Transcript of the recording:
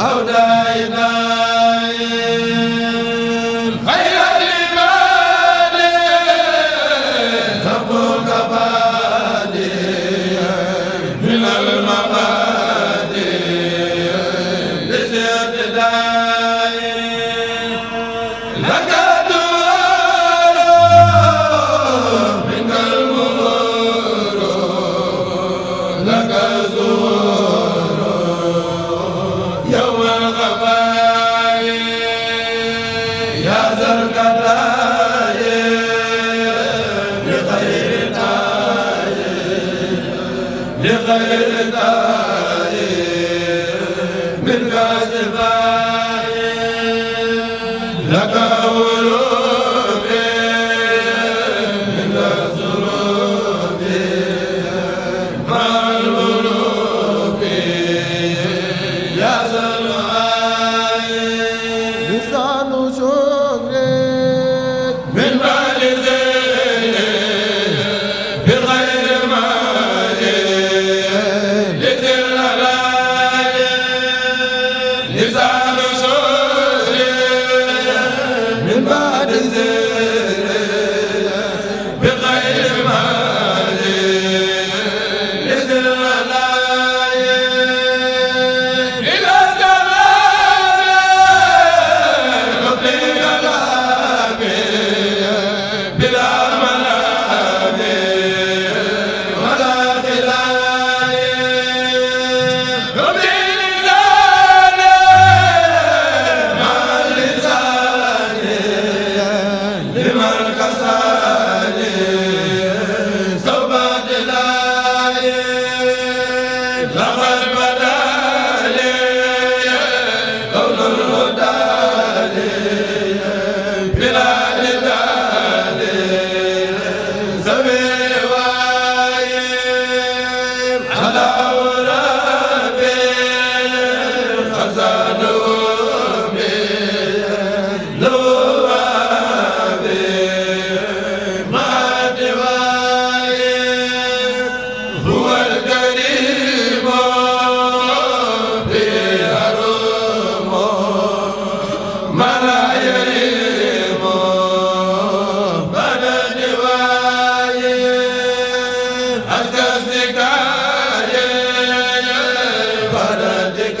awda لغير الله li فرجك